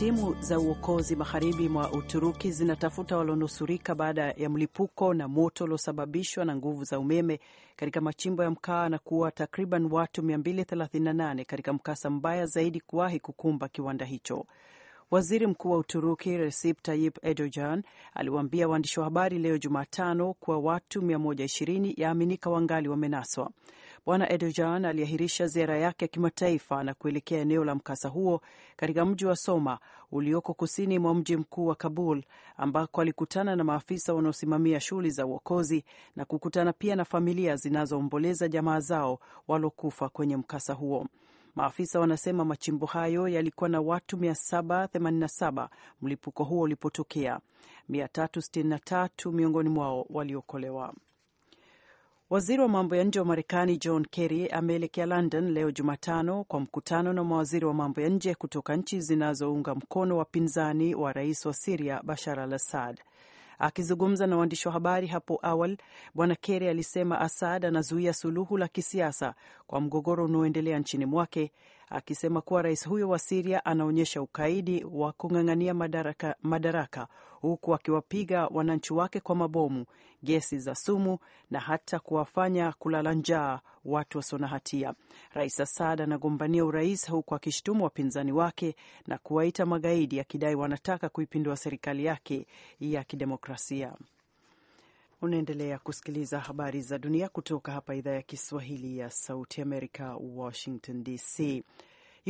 Timu za uokozi magharibi mwa Uturuki zinatafuta walionusurika baada ya mlipuko na moto uliosababishwa na nguvu za umeme katika machimbo ya mkaa na kuua takriban watu 238 katika mkasa mbaya zaidi kuwahi kukumba kiwanda hicho. Waziri Mkuu wa Uturuki Recep Tayyip Erdogan aliwaambia waandishi wa habari leo Jumatano kuwa watu 120 yaaminika wangali wamenaswa. Bwana Erdogan aliahirisha ziara yake ya kimataifa na kuelekea eneo la mkasa huo katika mji wa Soma ulioko kusini mwa mji mkuu wa Kabul, ambako alikutana na maafisa wanaosimamia shughuli za uokozi na kukutana pia na familia zinazoomboleza jamaa zao walokufa kwenye mkasa huo. Maafisa wanasema machimbo hayo yalikuwa na watu 787 mlipuko huo ulipotokea, 363 miongoni mwao waliokolewa. Waziri wa mambo ya nje wa Marekani John Kerry ameelekea London leo Jumatano kwa mkutano na mawaziri wa mambo ya nje kutoka nchi zinazounga mkono wapinzani wa rais wa Siria Bashar al Assad. Akizungumza na waandishi wa habari hapo awali, Bwana Kerry alisema Assad anazuia suluhu la kisiasa kwa mgogoro unaoendelea nchini mwake akisema kuwa rais huyo wa Siria anaonyesha ukaidi wa kung'ang'ania madaraka, madaraka huku akiwapiga wananchi wake kwa mabomu, gesi za sumu na hata kuwafanya kulala njaa watu wasio na hatia. Rais Assad anagombania urais huku akishutumu wapinzani wake na kuwaita magaidi, akidai wanataka kuipindua serikali yake ya kidemokrasia. Unaendelea kusikiliza habari za dunia kutoka hapa idhaa ya Kiswahili ya Sauti Amerika, Washington DC.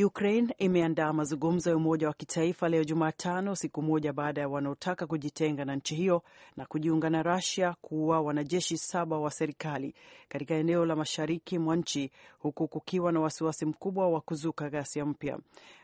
Ukraine imeandaa mazungumzo ya umoja wa kitaifa leo Jumatano, siku moja baada ya wanaotaka kujitenga na nchi hiyo na kujiunga na Russia kuua wanajeshi saba wa serikali katika eneo la mashariki mwa nchi, huku kukiwa na wasiwasi mkubwa wa kuzuka ghasia mpya.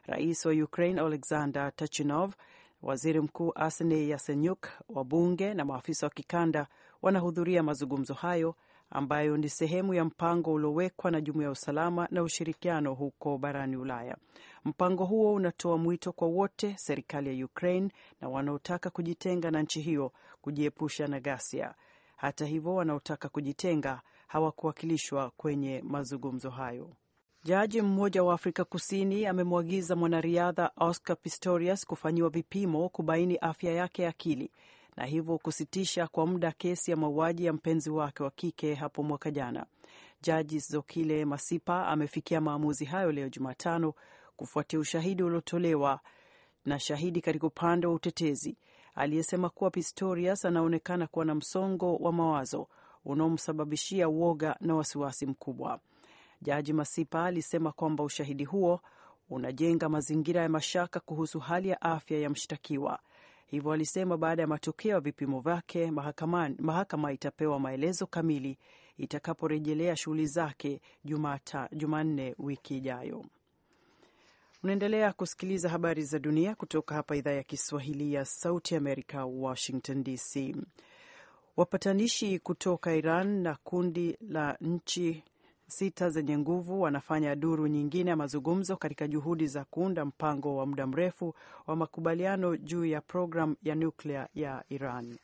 Rais wa Ukraine Alexander Tachinov Waziri Mkuu Asni Yasenyuk, wabunge na maafisa wa kikanda wanahudhuria mazungumzo hayo ambayo ni sehemu ya mpango uliowekwa na Jumuiya ya Usalama na Ushirikiano huko barani Ulaya. Mpango huo unatoa mwito kwa wote, serikali ya Ukraine na wanaotaka kujitenga na nchi hiyo kujiepusha na ghasia. Hata hivyo, wanaotaka kujitenga hawakuwakilishwa kwenye mazungumzo hayo. Jaji mmoja wa Afrika Kusini amemwagiza mwanariadha Oscar Pistorius kufanyiwa vipimo kubaini afya yake ya akili na hivyo kusitisha kwa muda kesi ya mauaji ya mpenzi wake wa kike hapo mwaka jana. Jaji Zokile Masipa amefikia maamuzi hayo leo Jumatano kufuatia ushahidi uliotolewa na shahidi katika upande wa utetezi aliyesema kuwa Pistorius anaonekana kuwa na msongo wa mawazo unaomsababishia uoga na wasiwasi mkubwa. Jaji Masipa alisema kwamba ushahidi huo unajenga mazingira ya mashaka kuhusu hali ya afya ya mshtakiwa. Hivyo alisema baada ya matokeo ya vipimo vyake mahakama itapewa maelezo kamili itakaporejelea shughuli zake Jumanne wiki ijayo. Unaendelea kusikiliza habari za dunia kutoka hapa idhaa ya Kiswahili ya Sauti Amerika, Washington DC. Wapatanishi kutoka Iran na kundi la nchi sita zenye nguvu wanafanya duru nyingine ya mazungumzo katika juhudi za kuunda mpango wa muda mrefu wa makubaliano juu ya programu ya nyuklia ya Iran.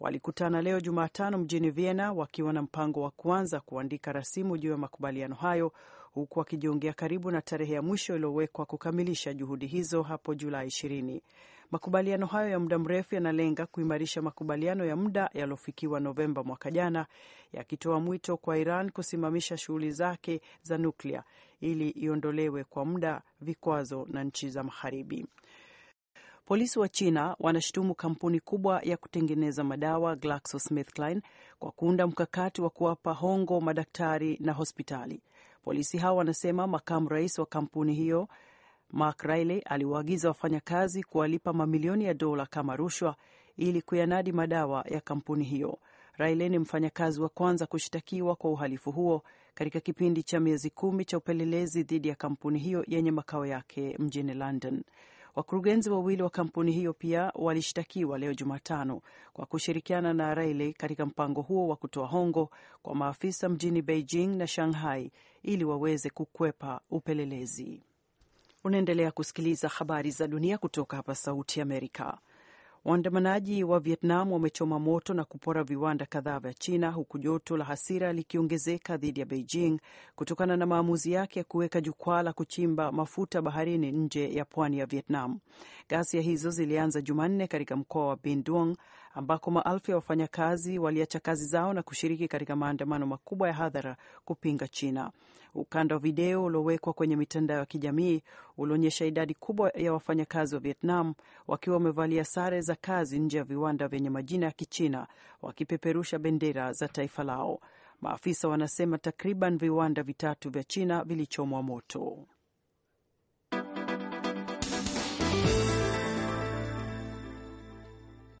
Walikutana leo Jumatano mjini Vienna wakiwa na mpango wa kuanza kuandika rasimu juu ya makubaliano hayo huku wakijiongea karibu na tarehe ya mwisho iliyowekwa kukamilisha juhudi hizo hapo Julai ishirini. Makubaliano hayo ya muda mrefu yanalenga kuimarisha makubaliano ya muda yaliyofikiwa Novemba mwaka jana, yakitoa mwito kwa Iran kusimamisha shughuli zake za nuklia ili iondolewe kwa muda vikwazo na nchi za Magharibi. Polisi wa China wanashutumu kampuni kubwa ya kutengeneza madawa GlaxoSmithKline kwa kuunda mkakati wa kuwapa hongo madaktari na hospitali. Polisi hao wanasema makamu rais wa kampuni hiyo Mark Riley aliwaagiza wafanyakazi kuwalipa mamilioni ya dola kama rushwa ili kuyanadi madawa ya kampuni hiyo. Riley ni mfanyakazi wa kwanza kushtakiwa kwa uhalifu huo katika kipindi cha miezi kumi cha upelelezi dhidi ya kampuni hiyo yenye makao yake mjini London. Wakurugenzi wawili wa kampuni hiyo pia walishtakiwa leo Jumatano kwa kushirikiana na Riley katika mpango huo wa kutoa hongo kwa maafisa mjini Beijing na Shanghai ili waweze kukwepa upelelezi. Unaendelea kusikiliza habari za dunia kutoka hapa Sauti Amerika. Waandamanaji wa Vietnam wamechoma moto na kupora viwanda kadhaa vya China, huku joto la hasira likiongezeka dhidi ya Beijing kutokana na maamuzi yake ya kuweka jukwaa la kuchimba mafuta baharini nje ya pwani ya Vietnam. Ghasia hizo zilianza Jumanne katika mkoa wa Binduong ambako maelfu ya wafanyakazi waliacha kazi zao na kushiriki katika maandamano makubwa ya hadhara kupinga China. Ukanda wa video uliowekwa kwenye mitandao ya kijamii ulionyesha idadi kubwa ya wafanyakazi wa Vietnam wakiwa wamevalia sare za kazi nje ya viwanda vyenye majina ya Kichina wakipeperusha bendera za taifa lao. Maafisa wanasema takriban viwanda vitatu vya China vilichomwa moto.